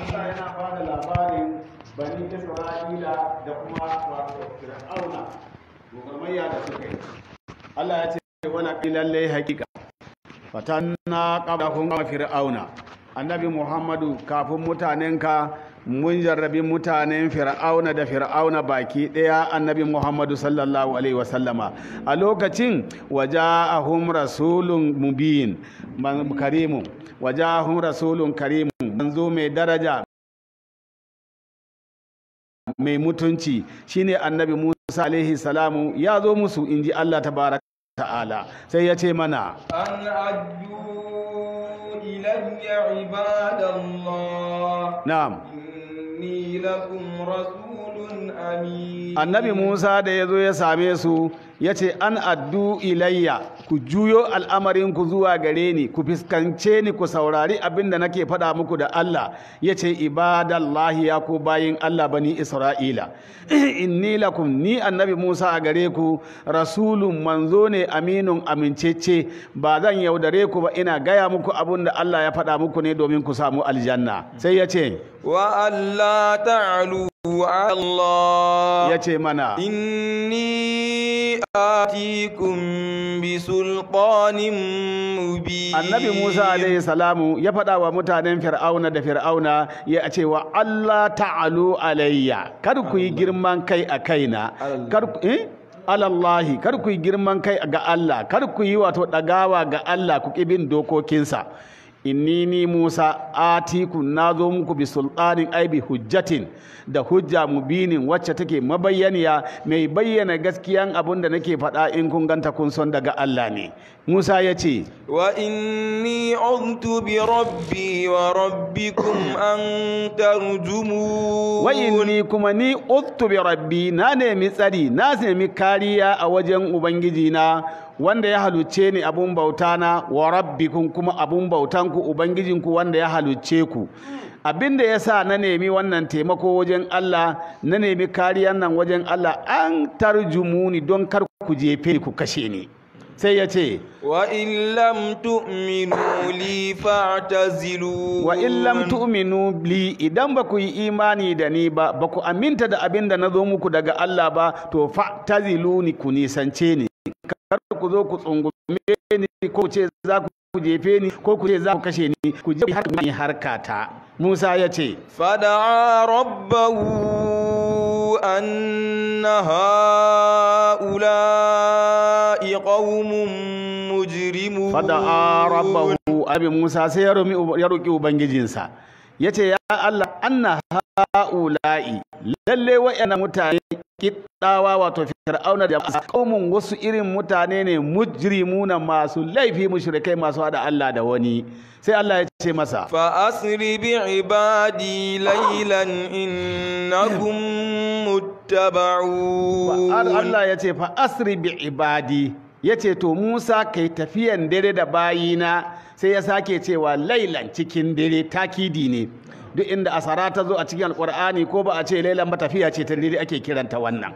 Allah yana ba da labarin bani Isra'ila da kuma wato Fir'auna gogarmayya da suka yi Allah ya ce wani lallai hakika fatanna qabdahum wa fir'auna annabi Muhammadu kafin mutanenka mun jarrabi mutanen fir'auna da fir'auna baki ɗaya annabi muhammadu sallallahu alaihi wasallama a lokacin waje ahun rasulun mubin waje ahun rasulun karimu zo mai daraja mai mutunci shine annabi Musa alaihi salamu ya zo musu inji Allah baraka ta'ala sai ya ce mana an addu ilayya ibadallah na'am inni lakum rasulun amin annabi Musa da ya zo ya same su ya ce an addu ilayya ku juyo al'amarin ku zuwa gare ni ku fiskance ni ku saurari abin da nake faɗa muku da Allah ya ce ibadallahi ya ku bayin Allah bani Isra'ila inni lakum ni annabi Musa a gare ku rasulun manzo ne aminun amincece ba zan yaudare ku ba ina gaya muku abin da Allah ya faɗa muku ne domin ku samu aljanna sai ya ce wa Allah ta'alu ya ce mana inni atikum bi sulqanin mubi annabi Musa alaihi salamu ya faɗa wa mutanen fir'auna da fir'auna ya ce wa Allah ta'alu alayya kar ku yi girman kai a kaina kar yi eh? alallahi kar ku yi girman kai ga Allah kar ku yi wato ɗagawa ga Allah ku ki bin dokokinsa inni ni Musa atiku nazo muku bi sultanin aibi hujjatin da hujja mubinin wacce take mabayyaniya mai bayyana gaskiyan abin da nake faɗa in kun ganta kun son daga Allah ne Musa ya ce wa inni untu bi rabbi wa rabbikum an tarjumu wa inni kuma ni untu bi rabbi na nemi tsari na nemi kariya a wajen ubangiji na wanda ya halucce ni abun bauta na wa rabbikum kuma abun bautanku ubangijinku wanda ya halucce ku abin da ya sa na nemi wannan taimako wajen Allah na nemi kariyan nan wajen Allah an tarjumuni don kar ku jefe ku kashe ni sai ya ce wa illam tu'minu li fa'tazilu wa illam tu'minu li idan ba ku yi imani da ni ba ba ku aminta da abin da na zo muku daga Allah ba to fa'tazilu ni ku nisance ni ku zo ku tsungume ni ko ce za ku ku jefe ni ko ku ce za ku kashe ni ku je har ni harkata Musa ya ce fada rabbahu anna ha'ula qaumun mujrimu fada rabbahu abi Musa sai ya roki ubangijinsa yace ya Allah anna haula'i lalle wa'annan mutane kiddawa wato fir'auna da kaumun wasu irin mutane ne mujrimuna masu laifi mushrikai masu hada Allah da wani sai Allah ya ce masa fa asri bi ibadi laylan innakum muttaba'un Allah ya ce fa asri bi ibadi yace to Musa kai tafiyan dare da bayina sai ya sake cewa laylan cikin dare takidi ne duk inda asara ta zo a cikin alkur'ani ko ba a ce lailan ba tafiya ce ta ake kiranta wannan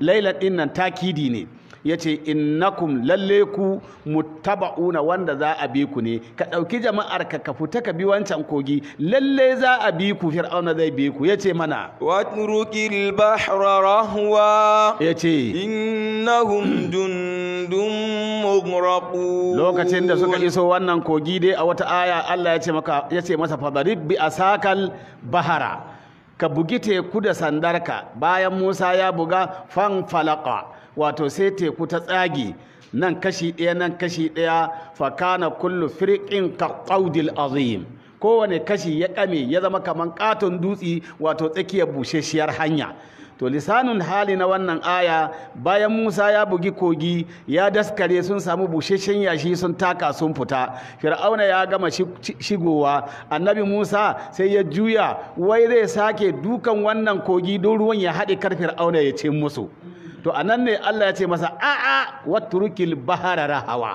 lailan dinnan nan takidi ne ya ce innakum lalle ku muttaba'una wanda za a bi ku ne ka ɗauki jama'ar ka ka fita ka bi wancan kogi lalle za a bi ku fir'auna zai bi ku ya ce mana watrukil bahra rahwa ya ce innahum lokacin da suka iso wannan kogi dai a wata aya Allah ya ce masa fadarib bi asakal bahara ka bugi teku da sandarka bayan Musa ya buga fan falaka wato sai teku ta tsagi nan kashi ɗaya nan kashi ɗaya fakana kullu firqin kaƙaudil azim kowane kashi ya ƙame ya zama kamar ƙaton dutse wato tsakiyar busheshiyar hanya to lisanun hali na wannan aya bayan musa ya bugi kogi ya daskare sun samu busheshen yashi sun taka sun fita fir'auna ya gama shigowa annabi musa sai ya juya wai zai sake dukan wannan kogi don ruwan ya haɗe kar fir'auna ya ce musu to a nan ne Allah ya ce masa a'a waturukil bahara rahawa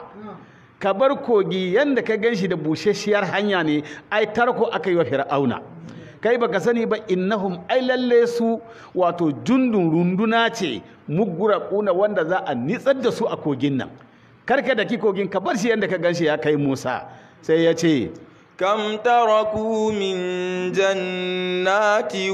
ka bar kogi yadda ka ganshi da busheshiyar hanya ne ai tarko yi wa fir'auna kai baka sani ba innahum ai lalle su wato jundun runduna ce kuna wanda za a nitsar da su a kogin nan karka da kogin ka bar shi yanda ka ganshi ya kai Musa sai ya ce kam taraku min jannati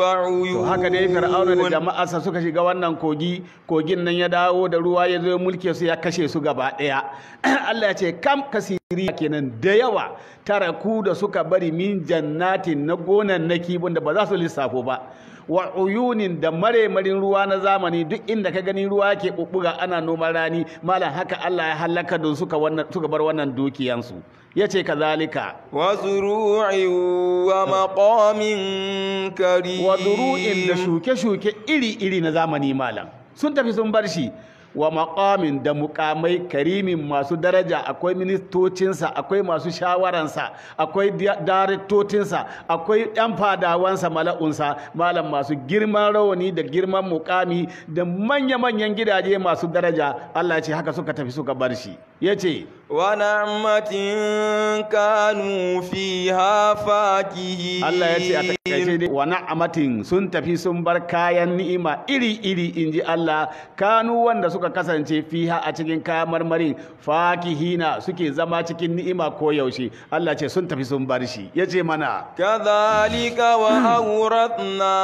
wa uyun haka dai fir'auna da jama'arsa suka shiga wannan kogi kogin nan ya dawo da ruwa ya zo mulki mulke su ya kashe su gaba daya Allah ya ce kam kasiri kenan da yawa taraku da suka bari min jannatin na gonan na kibin da ba za su lissafo ba wa uyunin da maremarin ruwa na zamani duk inda ka gani ruwa ke bubbuga ana noman rani malam haka Allah ya halaka don suka bar wannan dukiyansu yace kazalika wa zuru'i wa maqamin karim wa zuru'in da shuke-shuke iri-iri na zamani malam sun tafi sun bar shi wa maƙamin da mukamai karimin masu daraja akwai ministocinsa akwai masu shawaransa akwai daraktocinsa akwai ɗan fadawansa mala'unsa malam masu girman rawani da girman mukami da manya-manyan gidaje masu daraja Allah ce haka suka tafi suka bar shi ya ce wana'amatin kanu fi hafaki Allah ya sun tafi sun bar kayan ni'ima iri-iri in ji Allah kanu wanda suka kasance fiha a cikin kayan marmarin fakihina suke zama cikin ni'ima ko yaushe Allah ce sun tafi sun bar shi ya ce mana kazalika wa auratna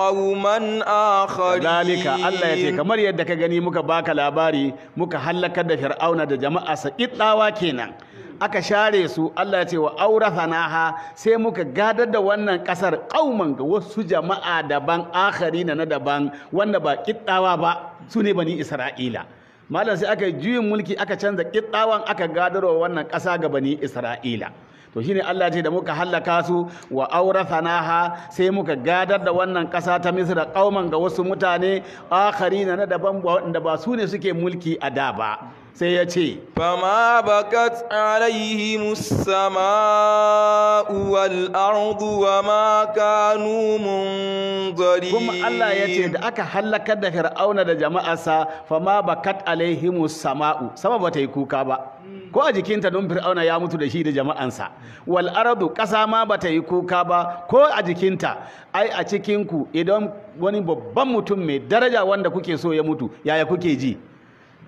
qauman akharin kazalika Allah ya ce kamar yadda ka gani muka baka labari muka halaka da fir'auna da jama'a kiddawa kenan aka share su Allah ya ce wa aurathanaha sai muka gadar da wannan kasar kauman ga wasu jama'a daban akhari na na daban wanda ba kiddawa ba su ne bani Isra'ila malam sai aka juyin mulki aka canza kiddawan aka gadarwa wannan kasa ga bani Isra'ila to shine Allah ce da muka hallaka su wa aurathanaha sai muka gadar da wannan ƙasa ta Misra kauman ga wasu mutane na na daban wanda ba su ne suke mulki a da ba sai ya ce fama bakat alaihi musama musamman uwal wa ma numun gari? kuma Allah ya ce da aka hallakar da fir'auna da jama'arsa fama bakat alaihi musamman sama ta yi kuka ba ko a jikinta don fir'auna ya mutu da shi da jama'ansa wal ardu kasa ma ta yi kuka ba ko a jikinta ai a cikinku idan wani babban mutum mai daraja wanda kuke so ya mutu yaya kuke ji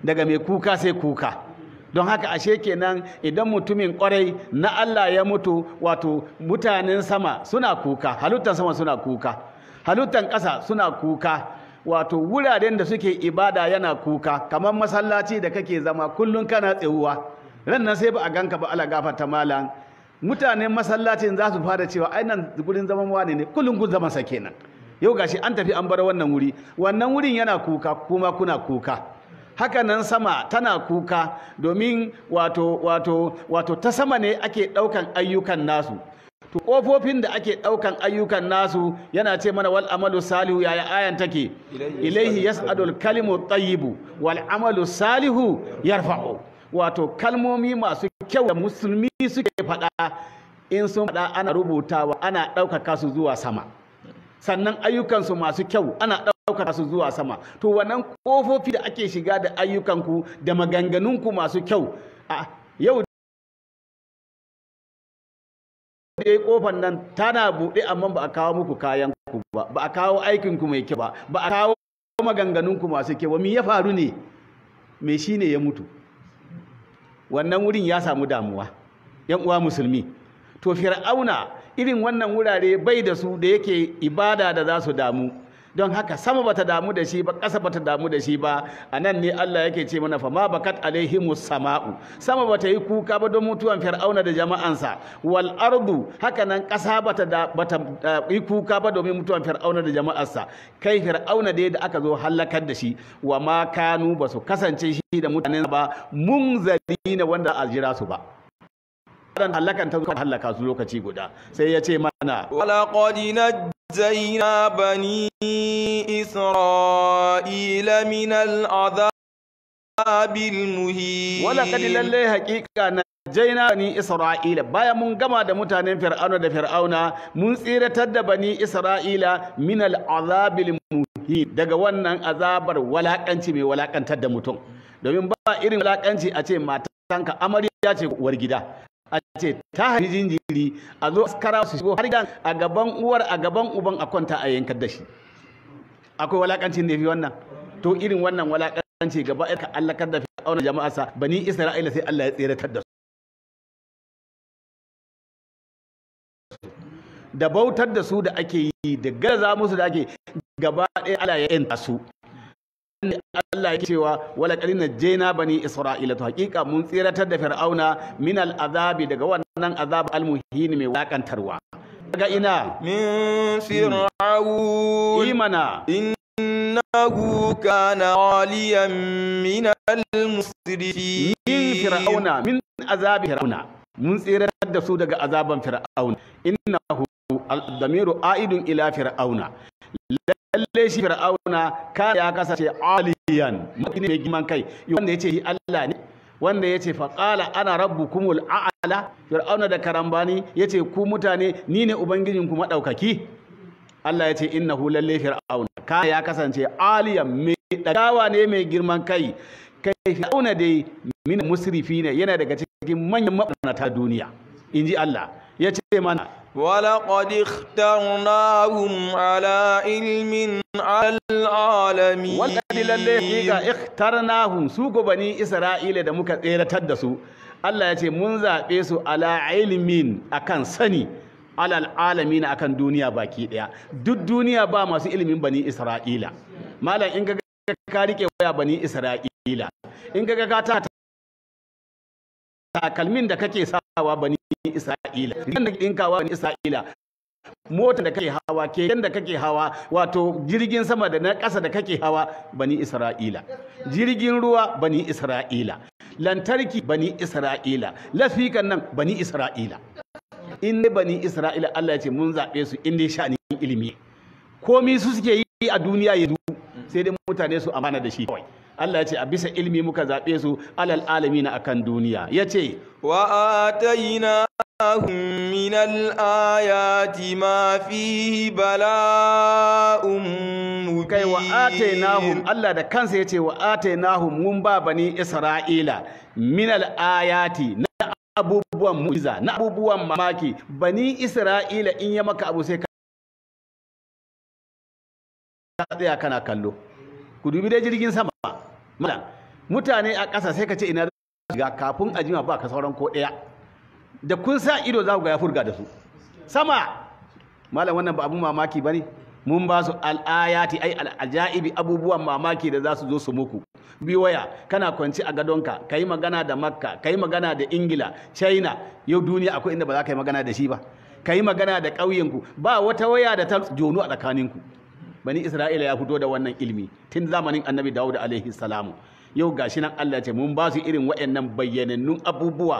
daga mai kuka sai kuka don haka ashe kenan idan mutumin kwarai na Allah ya mutu wato mutanen sama suna kuka halittan sama suna kuka halittan kasa suna kuka wato wuraren da suke ibada yana kuka kamar masallaci da kake zama kullum kana tsewuwa rannan sai ba a ganka ba ala gafarta malam mutanen masallacin za su fara cewa ai nan gurin zaman wane ne kullum kun zaman sa kenan yau gashi an tafi an bar wannan wuri wannan wurin yana kuka kuma kuna kuka haka nan sama tana kuka domin wato wato wato ta sama ne ake ɗaukan ayyukan nasu to kofofin da ake ɗaukan ayyukan nasu yana ce mana wal amalu salihu yaya ayan take ilaihi yas'adul kalimu tayyibu wal amalu salihu yarfa'u wato kalmomi masu kyau da musulmi suke fada in sun fada ana rubutawa ana ɗaukaka su zuwa sama sannan ayyukansu masu kyau ana ɗaukaka su zuwa sama to wannan ƙofofi da ake shiga da ayyukanku da maganganunku masu kyau a yau dai ƙofar nan tana buɗe amma ba a kawo muku kayan ku ba ba a kawo aikin ku mai kyau ba ba a kawo maganganunku masu kyau ba me ya faru ne me shine ya mutu wannan wurin ya samu damuwa yan uwa musulmi to fir'auna irin wannan wurare bai da su da yake ibada da za su damu don haka sama bata damu da shi ba ƙasa bata damu da shi ba a nan ne Allah yake ce mana fama bakat alaihimu sama'u sama bata yi kuka ba don mutuwan fir'auna da jama'ansa wal ardu haka nan ƙasa bata eh, yi kuka ba domin mutuwan fir'auna da jama'arsa kai fir'auna da da aka zo halakar da shi wa ma kanu basu kasance shi da mutanen ba munzalina wanda aljira su ba waɗanda hallakan ta zuwa su lokaci guda sai ya ce mana walaqad najjayna bani isra'ila min al'adhabil muhin walaqad lalle haqiqa jaina bani isra'ila bayan mun gama da mutanen fir'auna da fir'auna mun tsiratar da bani isra'ila min al'azabil muhin daga wannan azabar walakanci mai walakantar da mutum domin ba irin walakanci a ce matanka amarya ce uwar gida ce ta haifi jinjiri a zo askara su shigo har a gaban uwar a gaban uban a kwanta a yankar da shi akwai walakancin da fi wannan to irin wannan walakanci gaba ɗaya ka allakar da auna jama'a sa bani isra'ila sai Allah ya tseratar da su da bautar da su da ake yi da gaza musu da ake gaba ɗaya Allah ya yanta su Allah ya cewa wala kalina jena bani isra'ila to hakika mun tsiratar da fir'auna min al'azabi daga wannan azab almuhin mai wakantarwa daga ina min fir'aun imana innahu kana aliyan min al-musrifin min fir'auna min azabi fir'auna mun tsiratar da su daga azaban fir'auna innahu al-damiru aidun ila fir'auna dai shi fir'auna kana ya kasance aliyan mutum mai girman kai wanda ya ce yi Allah ne wanda ya ce faƙala ana rabbukumul a'la fir'auna da karambani ce ku mutane ni ne ubangijin kuma ɗaukaki Allah ya inna innahu lalle fir'auna kana ya kasance aliyan mai ɗagawa ne mai girman kai kai fir'auna dai min ne? yana daga cikin manyan mabarnata duniya inji Allah ya ce mana ولقد اخترناهم ala علم al'alami العالمين wannan lalle hakika ikhtarnahum su bani Isra'ila da muka tseratar da su Allah ya ce mun zaɓe su ala ilmin akan sani alal a akan duniya baki ɗaya. duk duniya ba masu ilimin bani Isra'ila malam in ga ka rike waya bani Isra'ila in ta takalmin da kake sawa bani Isra'ila rigan da dinkawa bani Isra'ila motar da kake hawa keken da kake hawa wato jirgin sama da na ƙasa da kake hawa bani Isra'ila jirgin ruwa bani Isra'ila lantarki bani Isra'ila lafikan nan bani Isra'ila in bani Isra'ila Allah ya ce mun zaɓe su inda ya sha'ani ilimi komi su suke yi a duniya yanzu sai dai mutane su amana da shi kawai Allah ya ce a bisa ilmi muka zaɓe su alal alami na akan duniya ya ce wa atayna من da kansa فيه بلاء مبين كي وآتيناهم الله na كان mun ba bani Isra'ila, minal ayati, na abubuwan mu'jiza na abubuwan mamaki bani isra'ila in ya maka abu sai ka tsaya kana kallo ku dubi da jirgin sama mutane a ƙasa sai ka ce ina ga kafin a jima ba ka sauran ko ɗaya da kun sa ido za ku ga ya furga da su sama malam wannan ba abun mamaki ba ne mun ba su al'ayati ai al'ajaibi abubuwan mamaki da za su zo su muku bi waya kana kwanci a gadonka ka yi magana da makka ka yi magana da ingila china yau duniya akwai inda ba za ka yi magana da shi ba ka yi magana da ƙauyenku ba wata waya da ta jono a tsakaninku bani isra'ila ya fito da wannan ilimi tun zamanin annabi dawud alaihi salamu yau shi nan Allah ce mun ba su irin waɗannan bayyanannun abubuwa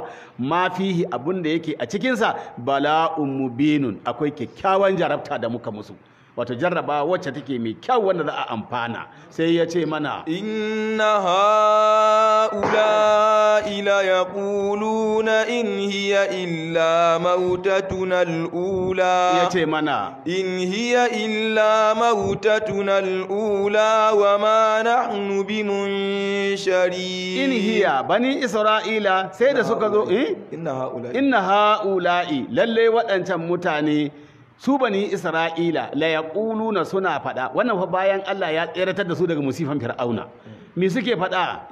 ma fihi abin da yake a cikinsa bala'un mubinun akwai kyakkyawan jarabta da muka musu wato jarraba wacce take mai kyau wanda za a amfana sai ya ce mana inna haula ila yaquluna in hiya illa mautatuna alula ya ce mana in hiya illa mautatuna alula wa ma nahnu bimunshari in hiya bani isra'ila sai da suka zo eh inna haula inna lalle waɗancan mutane su bani isra'ila la yaquluna suna faɗa wannan fa bayan Allah ya tseratar da su daga musifan fir'auna me suke faɗa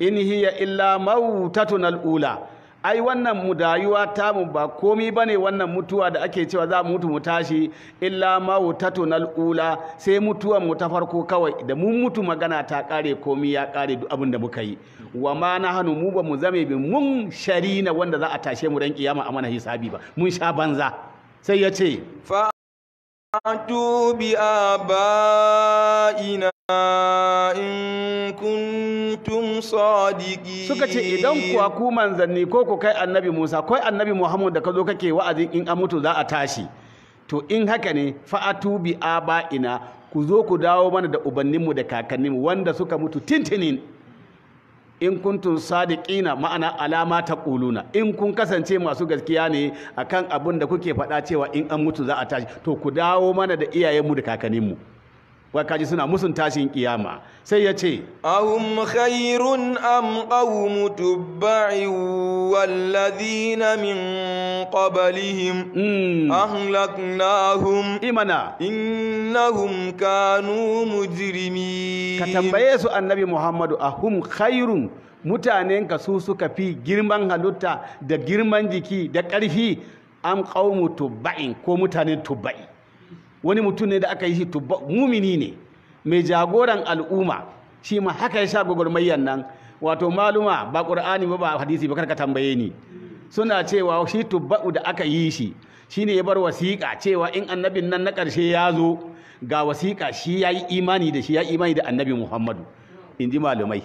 in hiya illa mautatun al'ula ai wannan mu dayuwa ta mu ba komi bane wannan mutuwa da ake cewa za mu mutu mu tashi illa mautatun al'ula sai mutuwan mu ta farko kawai da mu mutu magana ta kare komi ya kare duk abin da muka yi wa ma hannu mu ba mu zame bi mun sharina wanda za a tashe mu ran kiyama a mana hisabi ba mun sha banza sai ya ce fa'atu bi aba'ina in kuntum sadiqin suka ce idan kuwa ku manzanni ko ku kai annabi Musa kai annabi Muhammad da ka zo kake wa'azi in an mutu za a tashi to in haka ne fa'atu bi aba'ina ku zo ku dawo mana da ubanninmu da kakanninmu wanda suka mutu tintinin in tun sadiqina ma'ana alama ta kuluna in kun kasance masu gaskiya ne akan abin da kuke faɗa cewa in an mutu za a tashi to ku dawo mana da iyayenmu da kakanninmu wai kaji suna musun tashin kiyama sai ya ce ahun khairun am qawmu tubba'in walladhina min qablihim mm. ahlaknahum imana innahum kanu mujrimin ka tambaye su annabi muhammadu ahum khairun mutanen ka su suka fi girman halitta da girman jiki da ƙarfi am qawmu tubba'in ko mutanen tubba'i wani mutum ne da aka yi shi mumini ne mai jagoran al'umma shi ma haka ya sha gwagwarmayyan nan wato maluma ba ƙur'ani ba ba hadisi ba karka tambaye ni suna cewa shi tubba'u da aka yi shi shi ne ya bar wasiƙa cewa in annabin nan na ƙarshe ya zo ga wasiƙa shi ya yi imani da shi ya imani da annabi muhammadu in ji malumai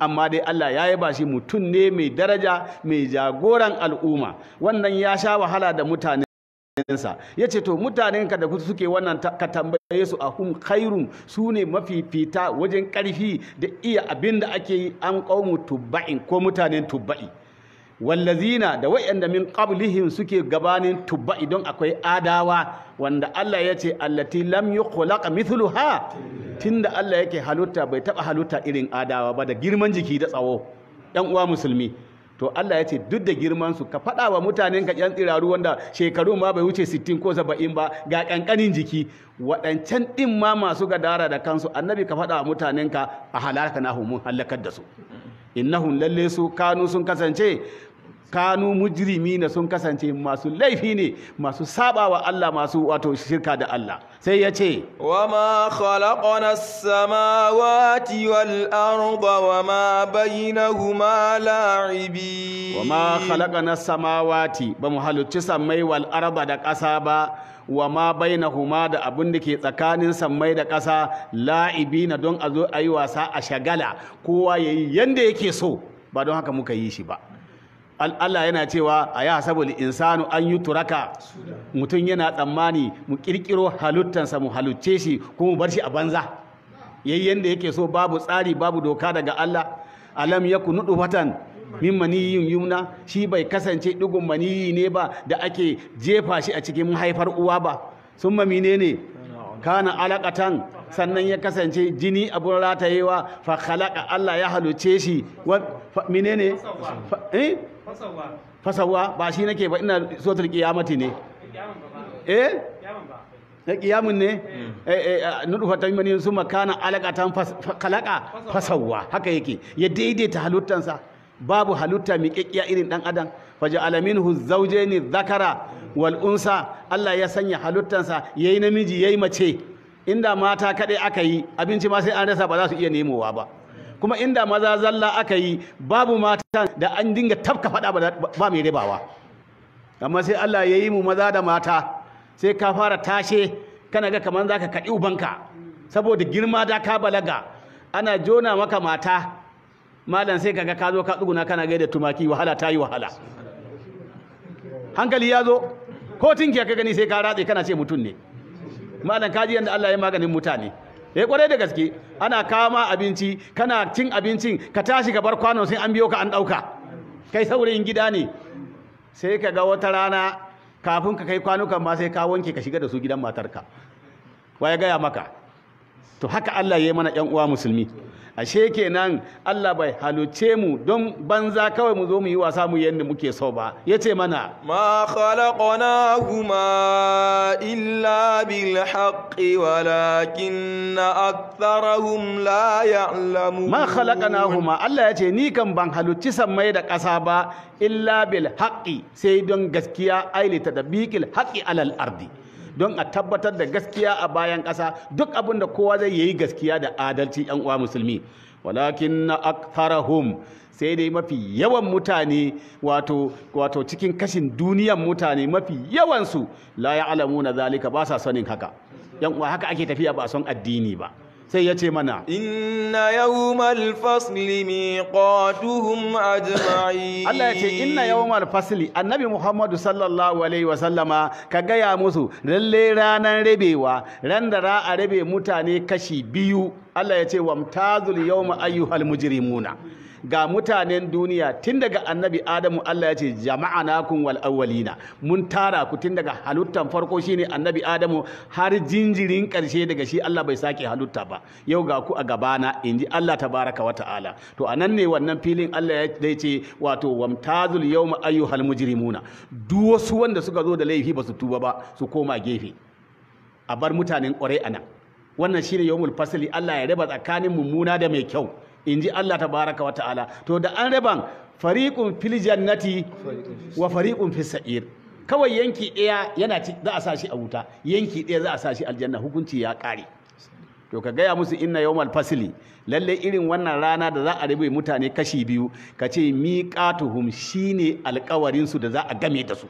amma dai Allah ya yi ba shi mutum ne mai daraja mai jagoran al'umma wannan ya sha wahala da mutane sa ya ce to ka da suke wannan ka tambaye su a hun khairun su ne mafifita wajen karfi da iya abin da ake yi an ƙaumu tubba'in ko mutanen tubba'i wallazina da wayanda min qablihim suke gabanin tubba'i don akwai adawa wanda Allah ya ce allati lam yukhlaq mithluha tunda Allah yake halutta bai taba halutta irin adawa ba da girman jiki da tsawo dan uwa musulmi to Allah ya ce duk da girmansu ka faɗa wa mutanen ka yan tsiraru wanda shekaru ma bai wuce 60 ko 70 ba ga kankanin jiki waɗancan ɗin ma masu gadara da kansu annabi ka faɗa wa mutanen ka a halaka na mun halakar da su innahum lalle su kanu sun kasance kanu mujrimi na sun kasance masu laifi ne masu sabawa Allah masu wato shirka da Allah sai ya ce wama khalaqna as-samawati wal wa wama bainahuma la'ibi wama khalaqna as-samawati ba mu halicci samai wal da ƙasa ba wa ma bainahuma da abin da ke tsakanin samai da ƙasa la'ibi na don a zo a yi wasa a shagala kowa yayi yanda yake so ba don haka muka yi shi ba Allah yana cewa a yi hasabul insanu an yi turaka mutum yana tsammani mu kirkiro halittansa mu halucce shi kuma mu bar shi a banza yayi yanda yake so babu tsari babu doka daga Allah alam yaku nudu watan min maniyin yumna shi bai kasance dugun maniyi ne ba da ake jefa shi a cikin mahaifar uwa ba sun mamine ne kana alaqatan sannan ya kasance jini abu ratayewa fa khalaqa Allah ya halucce shi menene eh fasawa ba shi nake ba ina sotar kiyamati ne eh na kiyamun eh, ne hmm. eh, eh, nudufatan mani su makana alakatan kalaka fasawa haka yake ya daidaita halittansa babu halitta mai kyakkiya irin dan adam faja alamin hu ne zakara wal'unsa Allah ya sanya halittansa ya yi namiji ya yi mace inda mata kaɗai aka yi abinci ma sai an rasa ba za su iya nemowa ba kuma inda maza zalla aka yi babu mata da an dinga tafka fada ba mai ribawa amma sai Allah ya yi mu maza da mata sai ka fara tashe kana ga kamar za ka kaɗi ubanka saboda girma da ka balaga ana jona maka mata malam sai kaga ka zo ka tsuguna kana gaida tumaki wahala ta yi wahala hankali ya zo ko tinki ka gani sai ka ratse kana ce mutum ne malam kaji yadda Allah ya maganin mutane eh kwarai da gaske ana kama abinci kana cin abincin ka tashi ka bar kwano sai an biyo ka an dauka kai saurayin gida ne sai ka ga wata rana kafin ka kai kwanukan ma sai ka wanke ka shiga da su gidan matarka waya gaya maka to haka Allah ya mana ƴan uwa musulmi ashe kenan Allah bai haluce mu don banza kawai mu zo mu yi wasa mu yanda muke so ba yace mana ma khalaqnahuma illa bil haqqi walakinna aktharahum la ya'lamun ma khalaqnahuma Allah yace ni kan ban haluci sammai da ƙasa ba illa bil haqqi sai don gaskiya ailita da biqil haqqi alal ardi don a tabbatar da gaskiya a bayan ƙasa duk abin da kowa zai yi gaskiya da adalci yan uwa musulmi walakin na aktharahum sai dai mafi yawan mutane wato cikin kashin duniyan mutane mafi yawansu la ya'lamuna zalika ba sa sanin haka yan uwa haka ake tafiya ba a son addini ba sai ya ce mana inna yawmal fasli miqatuhum ajma'in Allah ya ce inna yawmal fasli annabi Muhammadu sallallahu alaihi wa sallama ka gaya musu lalle ranar rabewa ran da ra a rabe mutane kashi biyu Allah ya ce wamtazul yawma ayyuhal mujrimuna ga mutanen duniya tun daga annabi adamu Allah ya ce jama'a na wal wal'awalina mun tara ku tun daga halittan farko shine annabi adamu har jinjirin karshe daga shi Allah bai sake halitta ba yau ga ku a gabana ji Allah tabaraka wa ta'ala to anan ne wannan filin Allah ya ce wato wamtazul yawma ayyuhal mujrimuna duk wasu wanda suka zo da laifi ba su tuba ba su koma gefe a bar mutanen ƙwarai anan wannan shine yawmul fasli Allah ya raba tsakanin mummuna da mai kyau in ji Allah ta baraka wa ta'ala to da an raban fariƙun fil jannati wa fariƙun fil sa'ir kawai yanki ɗaya yana za a sa shi a wuta yanki ɗaya za a sa shi aljanna hukunci ya ƙare to ka gaya musu inna yawmal fasili lalle irin wannan rana da za a rabe mutane kashi biyu ka ce miqatuhum shine alƙawarin su da za a game da su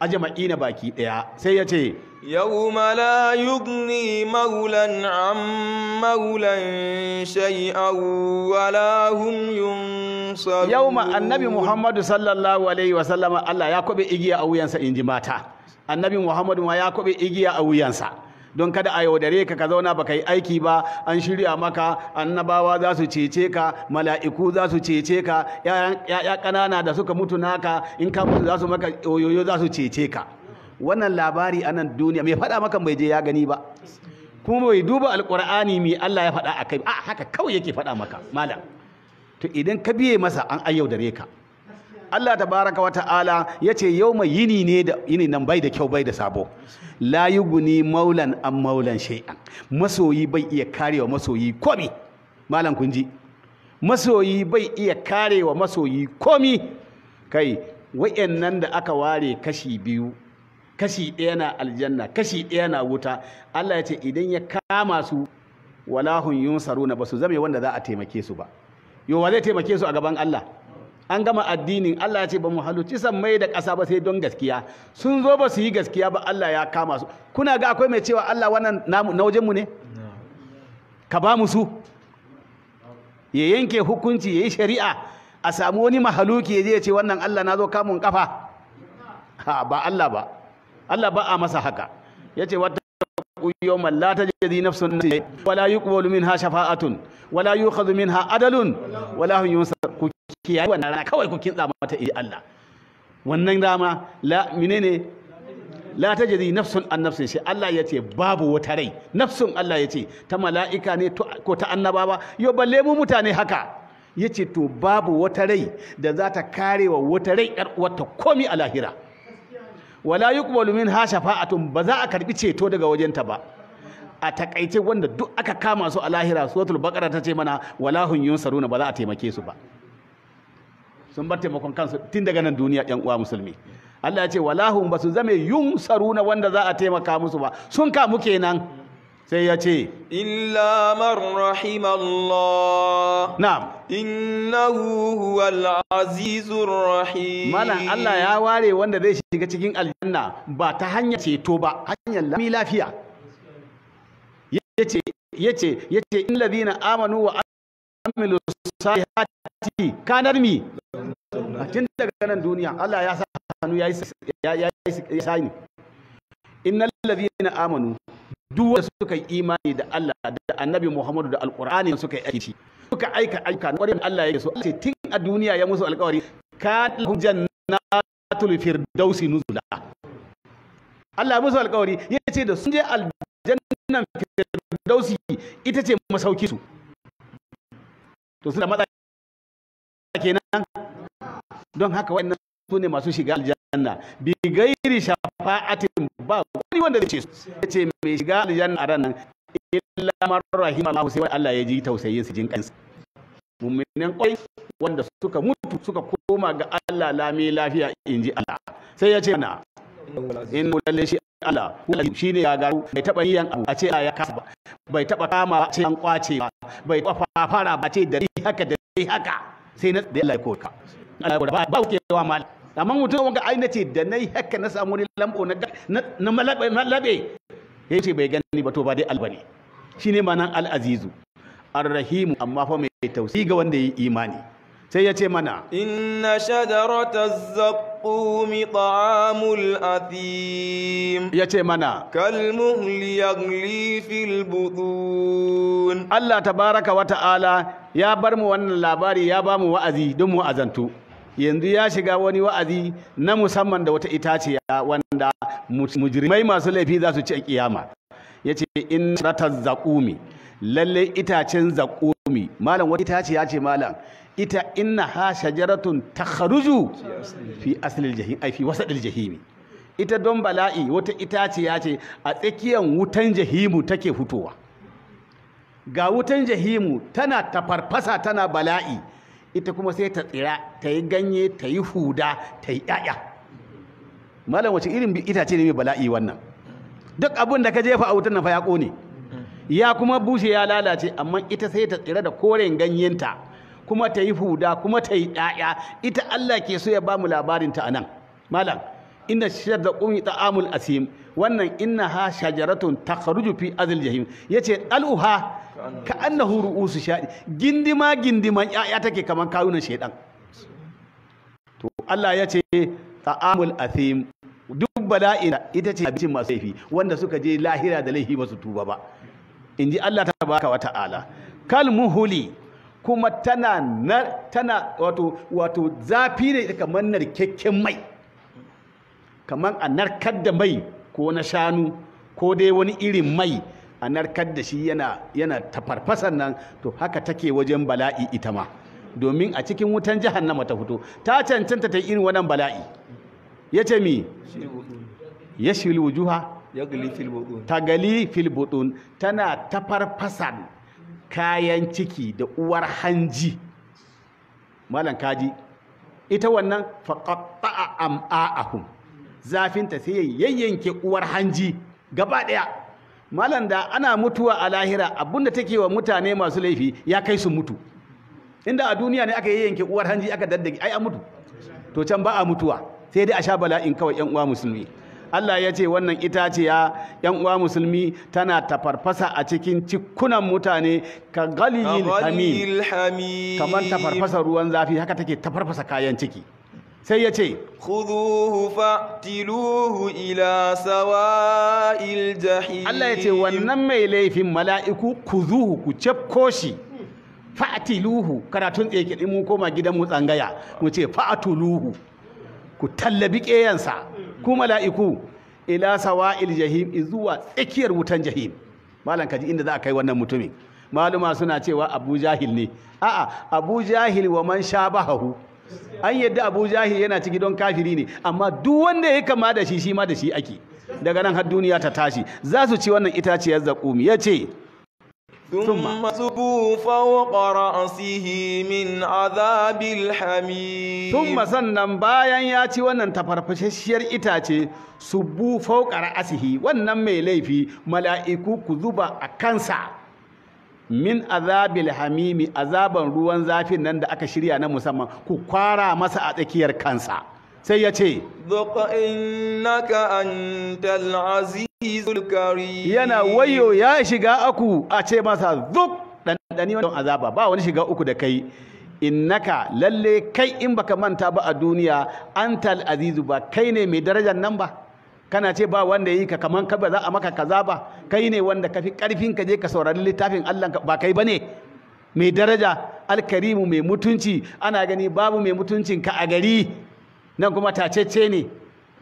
ajma'ina baki ɗaya sai ya ce يوم لا يغني مولا عن مولا شيئا ولا هم ينصرون يوم النبي محمد صلى الله عليه وسلم الله يكوب إجيا أو ينسى إنجي ماتا النبي محمد ما يكوب إجيا أو ينسى don kada a yaudare ka ka zauna baka yi aiki ba an shirya maka annabawa za su cece ka mala'iku za su cece ka ya ƙanana da suka mutu naka in ka mutu za su maka oyoyo za su cece ka wannan labari a nan duniya mai faɗa maka bai je ya gani ba kuma bai duba alƙur'ani mai Allah ya faɗa a kai a haka kawai yake faɗa maka malam to idan ka biye masa an ayyau dare ka Allah Ta wa ta'ala ya ce yau mai yini ne da yini nan bai da kyau bai da sabo la guni maulan an maulan shay'an masoyi bai iya karewa masoyi komi malam kun ji masoyi bai iya karewa masoyi komi kai wayannan da aka ware kashi biyu kashi ɗaya na aljanna kashi ɗaya na wuta Allah ya ce idan ya kama su walahun yunsaruna ba su zame wanda za a taimake su ba Yau wa zai taimake su a gaban Allah an gama addinin Allah ya ce ba mu halucci san mai da ƙasa ba sai don gaskiya sun zo ba su yi gaskiya ba Allah ya kama su kuna ga akwai mai cewa Allah wannan na wajen mu ne ka ba mu su ya yanke hukunci ya yi shari'a a samu wani mahaluki ya je ya ce wannan Allah na zo kamun kafa ba Allah ba Allah ba a masa haka yace wata يوما لا تجزي نفس ولا يقبل منها شفاعة ولا يؤخذ منها عدل ولا هم ينصر كياي wannan rana kawai ku kinza mata iya Allah wannan rama la menene la tajzi nafsun an nafsin shi Allah yace babu wata rai nafsun Allah yace ta mala'ika ne ko ta annabawa yo balle mu mutane haka yace to babu wata rai da za ta karewa wata rai yar uwarta komi a lahira wala yuqbalu minha shafa'atun ba za a karbi ceto daga wajenta ba a takaice wanda duk aka kama su a lahira suratul baqara ta ce mana wala hun yunsaruna ba za a taimake su ba sun bar taimakon kansu tun daga nan duniya yan uwa musulmi Allah ya ce wala hun ba su zame yunsaruna wanda za a taimaka musu ba sun kamu kenan sai ya ce illa man Allah? na'am innahu huwal azizur rahim malam Allah ya ware wanda zai shiga cikin aljanna ba ta hanyar ceto ba hanyar lami lafiya yace yace yace in ladina amanu wa amilu salihati kanar mi cikin daga nan duniya Allah ya sa hannu ya yi sani innal ladina amanu duk wanda suka yi imani da Allah da Annabi Muhammadu da Alƙur'ani suka yi aiki suka aika aika na ƙwarin Allah yake so ce tun a duniya ya musu alƙawari ka jannatul firdausi nuzula Allah musu alƙawari yace da sun je aljannan firdausi ita ce masauki su to suna matsa kenan don haka wannan su ne masu shiga aljanna bi gairi shafa'atin ba wani wanda zai ce su ya ce mai shiga aljanna a ranar illa marrahim Allah sai Allah ya ji tausayin su jin kansa mu'minan kwai wanda suka mutu suka koma ga Allah lami lafiya in ji Allah sai ya ce na in mulalle shi Allah shi ne ya garu bai taba yin abu a ce ya kasa ba bai taba kama ce an kwace ba bai taba fara ba ce da haka da haka sai na da Allah ya koka Allah ya ba ba kewa mal amma mutum wanga ai nace da nayi haka na samu wani lambo na na malabe na labe yace bai gani ba to ba dai albani shine manan al-azizu ar-rahimu amma fa mai tausayi ga wanda yi imani sai ya ce mana inna shajarataz zaqqumi ta'amul athim ya ce mana kalmuhli yaghli fil budun Allah tabaraka wa ta'ala ya bar mu wannan labari ya ba mu wa'azi don mu azantu yanzu ya shiga wani wa'azi na musamman da wata itaciya wanda mujrimai masu laifi za su ci a kiyama ce in ratar zaƙumi, lalle itacen zaƙumi, malam wata itaciya ce malam ita inna ha shajaratun takharuju fi asalil jahim ai fi wasadil ne. ita don bala'i wata itaciya ce a tsakiyar wutan jahimu take fitowa ga wutan jahimu tana tafarfasa tana bala'i ita kuma sai ta tsira ta yi ganye ta yi huda ta yi ƴaƴa malam wace irin itace ne mai bala'i wannan duk abin da ka jefa a wutar na fa ya ƙone ya kuma bushe ya lalace amma ita sai ta tsira da koren ganyenta kuma ta yi huda kuma ta yi ƴaƴa ita Allah ke so ya ba mu labarin ta anan malam inna da ta'amul asim wannan inna ha shajaratun takhruju fi azl jahim yace al'uha ka annahu ru'usu shadi gindima gindima yaya take kamar kayunan shedan to Allah ya ce ta'amul athim duk bala'in ita ce abincin masu laifi wanda suka je lahira da laifi basu tuba ba inji Allah ta ka wa ta'ala kal muhuli kuma tana tana wato zafi ne kamar narkekken mai kamar a narkar da mai ko na shanu ko dai wani irin mai a narkar da shi yana tafarfasan nan to haka take wajen bala'i ita ma domin a cikin wutan jahannama ta fito ta cancanta ta irin wannan bala'i ce mi yashil wujuha tagali fil butun tana tafarfasan kayan ciki da uwar hanji malam kaji ita wannan a am'a'ahum zafinta sai yayyanke uwar hanji gaba ɗaya malam da ana mutuwa a lahira abinda take wa mutane masu laifi ya kai su mutu inda a duniya ne aka yi yanke uwar hanji aka daddage ai an mutu to can ba a mutuwa sai dai a sha bala'in kawai yan uwa musulmi Allah ya ce wannan ya yan uwa musulmi tana tafarfasa a cikin cikunan mutane ka galil hamim kamar tafarfasa ruwan zafi haka take tafarfasa kayan ciki sai ya ce khuduhu fa'tiluhu ila sawa'il jahim Allah ya ce wannan mai laifin mala'iku kuzuhu ku cefko shi fa'tiluhu karatun tsaye kidi mu koma gidan mu tsangaya mu ce fa'tuluhu ku tallabi ƙeyansa ku mala'iku ila sawa'il jahim zuwa tsakiyar wutan jahim malam kaji inda za a kai wannan mutumin maluma suna cewa abu jahil ne a'a abu jahil wa man shabahu an yadda abu jahil yana ciki don kafiri ne amma duk wanda ya kama da shi shi ma da shi ake daga nan har duniya ta tashi za su ci wannan itaciyar zakumi ya ce ثم صبوا min a من عذاب الحميم ثم sannan bayan ya ci wannan tafarfashashiyar itace subu fawqa ra'sihi wannan mai laifi mala'iku ku zuba a kansa min azabil hamimi azaban ruwan zafin nan da aka shirya na musamman ku kwara masa a tsakiyar kansa sai ya ce yana wayo ya shiga aku a ce masa zuk ɗanɗani wani azaba ba wani shiga uku da kai innaka lalle kai in baka manta ba a duniya antal azizu ba kai ne mai darajar nan ba kana ce ba wanda yi ka kaman ka ba za a maka kaza ba kai ne wanda kafi karfin ka je ka saurari littafin Allah ba kai bane mai daraja alkarimu mai mutunci ana gani babu mai mutuncin ka a gari nan kuma tacece ne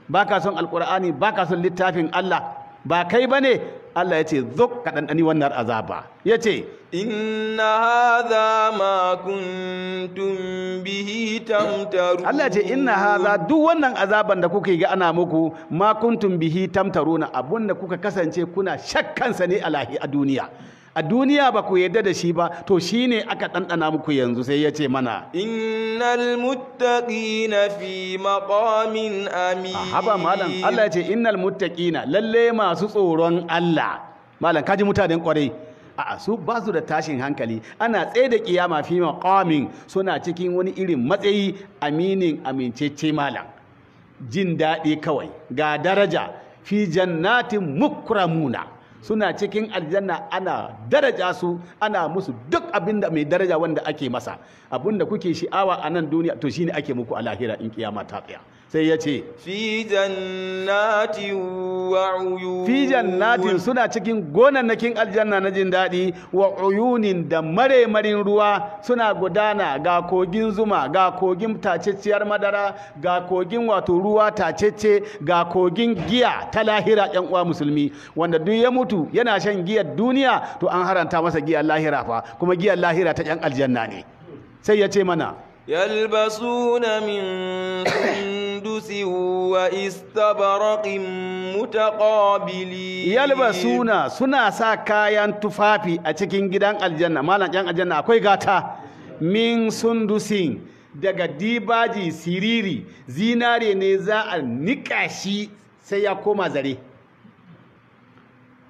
baka son alkur'ani baka son littafin Allah ba kai bane Allah ya ce zo ka ɗanɗani wannan azaba ya ce inna haza ma kuntum bihi tamtaru Allah ya ce inna haza duk wannan azaban da kuka yi ga ana muku ma kuntum bihi tamtaruna abun da kuka kasance kuna shakkansa ne a duniya a duniya ba ku yarda da shi ba to shi ne aka ɗanɗana muku yanzu sai ya ce mana innal muttaqina fi maqamin amin haba malam Allah ya ce innal muttaqina lalle masu tsoron Allah malam kaji mutanen kwarai a'a su ba su da tashin hankali ana tsaye da kiyama fi maqamin suna cikin wani irin matsayi aminin amincece malam jin daɗi kawai ga daraja fi jannatin mukramuna suna cikin aljanna ana daraja su ana musu duk abin mai daraja wanda ake masa abin da kuke sha'awa a nan duniya to shine ake muku a lahira in kiyama ta tsaya sai ya ce fi jannatin suna cikin gonannakin aljanna na jin daɗi wa uyunin da maremarin ruwa suna gudana ga kogin zuma ga kogin tacecciyar madara ga kogin wato ruwa tacece ga kogin giya ta lahira yan uwa musulmi wanda duk ya mutu yana shan giyar duniya to an haranta masa giyar lahira fa kuma giyar lahira ta yan aljanna ne sai ya ce mana yalbasuna min سندس واستبرق متقابلين يلبسون سنا سا كايان تفافي a cikin gidan aljanna جان yan aljanna akwai gata min daga dibaji siriri zinare ne za a niƙa shi sai ya koma zare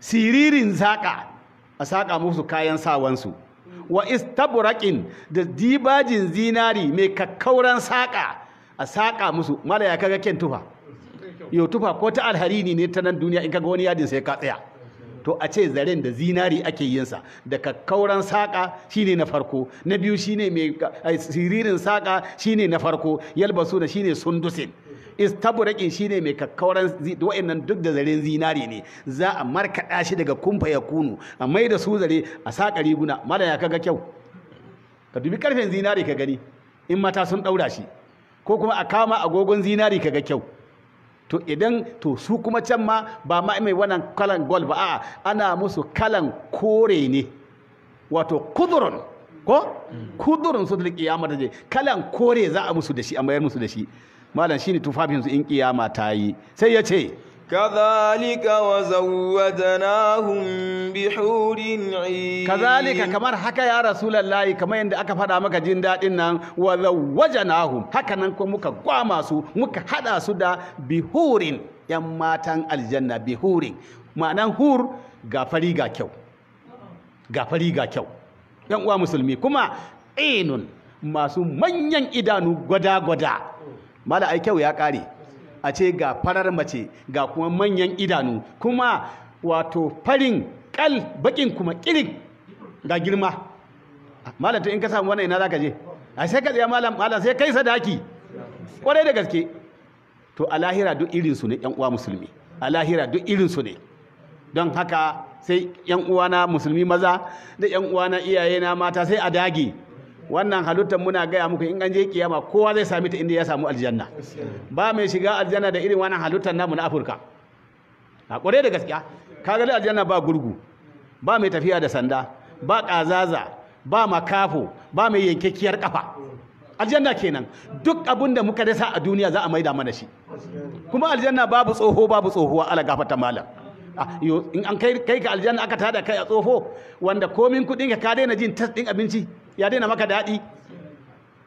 siririn saƙa a saƙa musu kayan sawansu wa istabraƙin da dibajin zinari mai kakkauran saƙa a saƙa musu mala ya kaga ken tufa yau tufa ko ta alharini ne ta nan duniya in kaga wani yadin sai ka tsaya to a ce zaren da zinari ake yinsa da kakkauran saƙa shine na farko na biyu shine mai siririn saƙa shine na farko yalbasu da shine sundusin istaburakin shine mai kakkauran wa'annan duk da zaren zinari ne za a markaɗa shi daga kumfa ya kunu a mai da su zare a saƙa riguna mala ya kaga kyau ka dubi karfen zinari ka gani in mata sun ɗaura shi ko kuma a kama agogon zinari kaga kyau to idan to su kuma can ma ba ma mai wannan kalan gold ba a'a ana musu kalan kore ne wato kudurun ko kudurun su da kiyama da je kalan kore za a musu da shi a mayar musu da shi malam shine tufafin su in kiyama ta yi sai ya ce كذلك kamar haka ya كذلك كما حكى يا رسول aka faɗa maka jin daɗin nan wa zawwajanahum haka nan kuma muka kwama su muka haɗa su da bihurin yan matan aljanna bihurin ma'anan hur ga fari ga kyau ga fari ga kyau yan uwa musulmi kuma inun. masu manyan idanu gwada-gwada mala ai kyau ya ƙare a ce ga farar mace ga kuma manyan idanu kuma wato farin kal bakin kuma kirin ga girma malam to in ka samu wannan ina zaka je a sai ka tsaya malam malam sai kai sadaki kwarai da gaske to a lahira duk irin su ne yan uwa musulmi a lahira duk irin su ne don haka sai yan uwana musulmi maza da yan uwana iyaye mata sai a dage wannan halittar muna gaya muku in an je kiyama kowa zai sami ta inda ya samu aljanna ba mai shiga aljanna da irin wannan halittar namu na afirka a kware da gaskiya kagali aljanna ba gurgu ba mai tafiya da sanda ba kazaza ba makafo ba mai yankakkiyar ƙafa aljanna kenan duk abin da muka dasa a duniya za a maida mana shi kuma aljanna babu tsoho babu tsohuwa ala gafata malam in an kai ka aljanna aka tada kai a tsoho wanda komin kuɗin ka ka daina jin tas ɗin abinci ya daina maka daɗi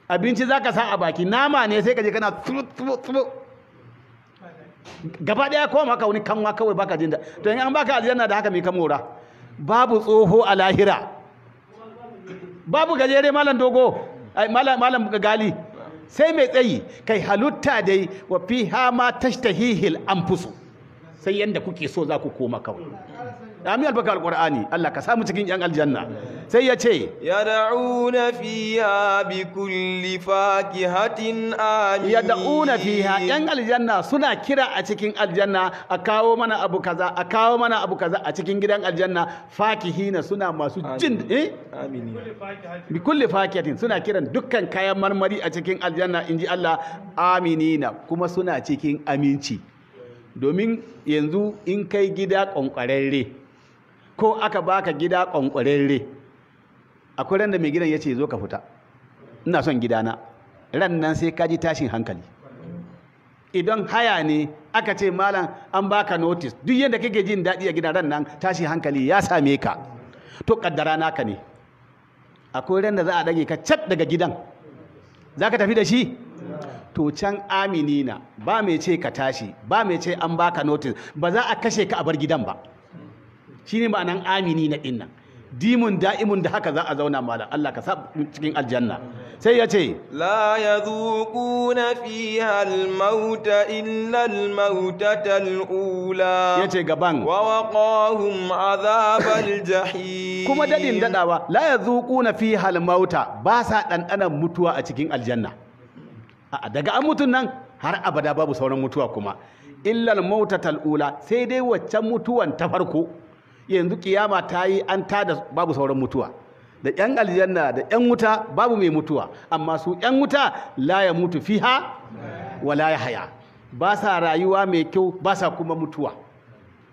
abinci za ka sa a baki nama ne sai ka je kana tsubu-tsubu gaba ɗaya ko maka wani kanwa kawai baka jin da to in an baka aljanna da haka mai ka babu tsoho a lahira babu gajere malam dogo malam gali sai mai tsayi kai halutta dai wa fiha ma tashtahihil fuso sai yanda kuke so za ku koma kawai amin albaka alqur'ani Allah ka samu cikin yan aljanna sai ya ce yad'una fiha bi kulli fakihatin amin yad'una fiha yan aljanna suna kira a cikin aljanna a kawo mana abu kaza a kawo mana abu kaza a cikin gidan aljanna fakihina suna masu jin eh amin bi kulli fakihatin suna kiran dukkan kayan marmari a cikin aljanna inji Allah aminina kuma suna cikin aminci domin yanzu in kai gida kwankwararre ko aka baka gida kwankwararre. akwai ran da mai gidan ya ce zo ka fita ina son gidana ran sai ka ji tashin hankali idan haya ne aka ce malam an baka notice duk yadda kake jin daɗi a gidan ran nan tashin hankali ya same ka to kaddara naka ne akwai ran za a dage ka cat daga gidan za ka tafi da shi to can aminina ba mai ce ka tashi ba mai ce an baka notice ba za a kashe ka a bar gidan ba shine ma'anan aminina na nan dimun da'imun da haka za a zauna malam Allah ka sa cikin aljanna sai ya ce la yazuquna fiha al-mauta illa al tal'ula. al-ula yace gaban wa waqahum azabal jahim kuma dadin daɗawa. la yazuquna fiha al halmauta ba sa dandanan mutuwa a cikin aljanna a'a daga an mutun nan har abada babu sauran mutuwa kuma illa al sai dai waccan mutuwan ta farko yanzu kiyama ta yi an tada babu sauran mutuwa da yan aljanna da yan wuta babu mai mutuwa amma su yan wuta la ya mutu fiha wa la ya haya ba sa rayuwa mai kyau ba sa kuma mutuwa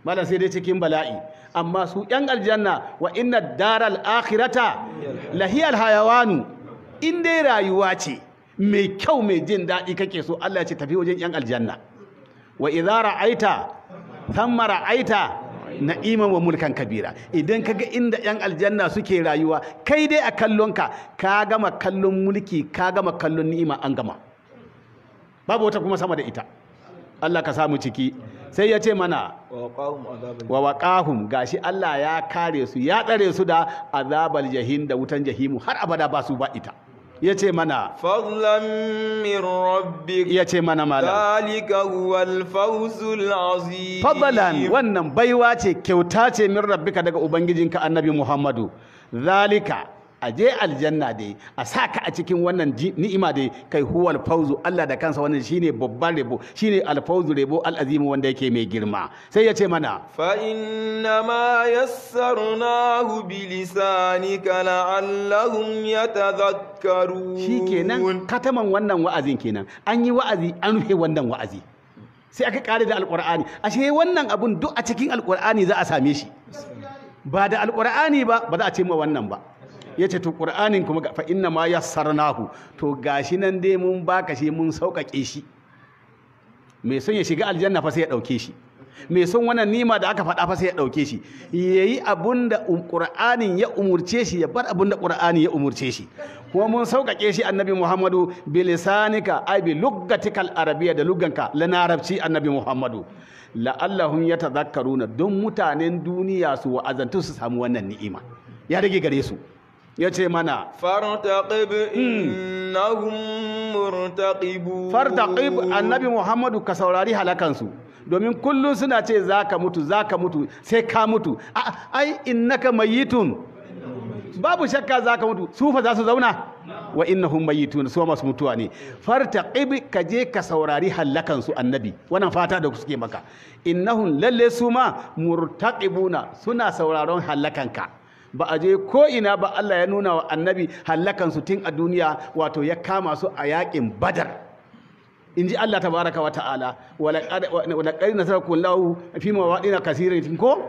malam sai dai cikin bala'i amma su yan aljanna wa inna daral akhirata lahiyal hayawanu in dai rayuwa ce mai kyau mai jin daɗi kake so Allah ya ce tafi wajen yan aljanna wa idza ra'aita thamma ra'aita na'iman wa mulkan kabira idan ka ga inda yan aljanna suke rayuwa kai dai a kallonka ka gama kallon mulki ka gama kallon ni'ima an gama babu wata kuma sama da ita Allah ka samu ciki sai ya ce mana wa waqahum gashi Allah ya kare su ya tsare su da azabal jahim da wutan jahimu har abada ba su ba ita ya ce mana fadlan min rabbik ya ce mana malam zalika huwal fawzul azim fadlan wannan baiwa ce kyauta ce min rabbika daga ubangijinka annabi muhammadu zalika a je aljanna dai a sa ka a cikin wannan ni'ima dai kai huwal fauzu Allah da kansa wannan shine babban rebo shine AlFawzu rebo al'azim wanda yake mai girma sai ya ce mana fa inna ma yassarnahu bi lisanika la'allahum yatadhakkarun shikenan kataman wannan wa'azin kenan an yi wa'azi an rufe wannan wa'azi sai aka kare da alqur'ani ashe wannan abun duk a cikin alqur'ani za a same shi ba da alqur'ani ba ba za a ce ma wannan ba ya ce to ƙur'anin kuma fa inna ma yassarnahu to gashi nan dai mun baka shi mun sauƙaƙe shi mai son ya shiga aljanna fa sai ya ɗauke shi mai son wannan nima da aka faɗa fa sai ya ɗauke shi yi abun da ƙur'anin um, ya umurce shi ya bar abun da ƙur'ani ya umurce shi kuma mun sauƙaƙe shi annabi muhammadu bilisanika ai bi lugatikal arabiya da luganka lanarabci annabi muhammadu la'allahum na don mutanen duniya su wa'azantu su samu wannan ni'ima ya rage gare su ya ce mana fartaƙib annabi muhammadu ka saurari halakansu domin kullum suna ce za ka mutu za ka mutu sai ka mutu ai innaka mayitun babu shakka za ka mutu sufa za su zauna wa innahum mayitun su masu mutuwa ne fartaqib ka je ka saurari halakansu annabi wannan fata da suke maka innahum lalle su ma murtaqibuna suna sauraron halakanka. ba a je ko ina ba Allah ya nuna wa annabi hallakan su tun a duniya wato ya kama su a yakin badar in ji Allah tabaraka wa ta'ala wala nasarar nasarakum lahu fi mawadina kasirin ko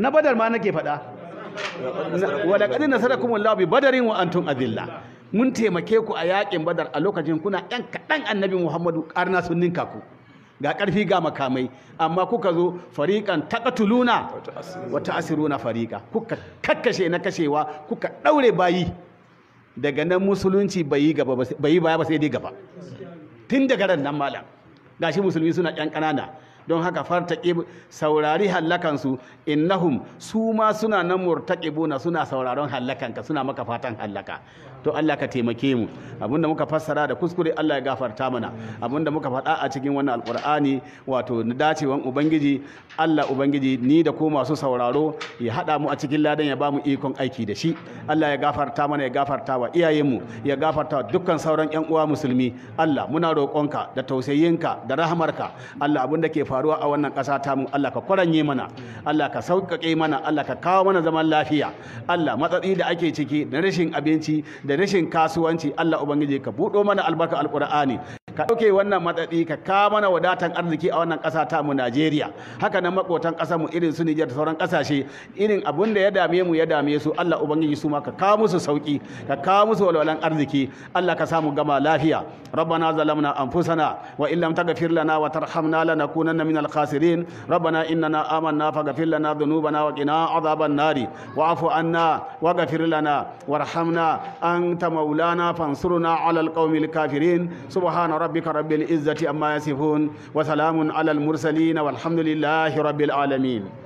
na badar ma nake faɗa wadda ƙari nasarar kullawu bi badarin wa azilla. mun taimake ku a yakin badar a lokacin kuna yan kaɗan annabi Muhammadu karna sun ninka ku ga karfi ga makamai amma kuka zo fariƙan taqatuluna wata asiruna fariƙa kuka kakkashe na kashewa kuka ɗaure bayi daga nan musulunci bayi baya ba sai dai gaba tun daga ran nan malam gashi musulmi suna ƙyan ƙanana don haka farta fartaqib saurari hallakan su innahum su ma suna nan na suna sauraron hallakanka ka suna maka fatan hallaka to Allah ka taimake mu abinda muka fassara da kuskure Allah ya gafarta mana abinda muka faɗa a cikin wannan alkur'ani wato dacewan ubangiji Allah ubangiji ni da ko masu sauraro ya hada mu a cikin ladan ya ba mu ikon aiki da shi Allah ya gafarta mana ya gafarta wa iyayen mu ya gafarta dukkan sauran yan uwa musulmi Allah muna roƙonka da tausayinka da rahamarka Allah abinda ke faruwa a wannan ƙasa ta mu Allah ka kwaranye mana Allah ka sauƙaƙe mana Allah ka kawo mana zaman lafiya Allah matsatsi da ake ciki da rashin abinci da rashin kasuwanci Allah ubangiji ka buɗo mana albarka alƙur'ani ka dauke wannan matsatsi ka ka mana wadatan arziki a wannan kasa ta mu Najeriya haka nan makotan ƙasar mu irin su Niger da sauran ƙasashe irin abun da ya dame mu ya dame su Allah ubangiji su ma ka kawo musu sauki ka kawo musu walwalan arziki Allah ka samu gama lafiya rabbana zalamna anfusana wa illam taghfir lana wa tarhamna lanakunanna minal khasirin rabbana innana amanna faghfir lana dhunubana wa qina adhaban nari wa'fu anna waghfir lana warhamna anta maulana fansurna ala alqawmil kafirin subhana ربك رب العزة أما يصفون وسلام على المرسلين والحمد لله رب العالمين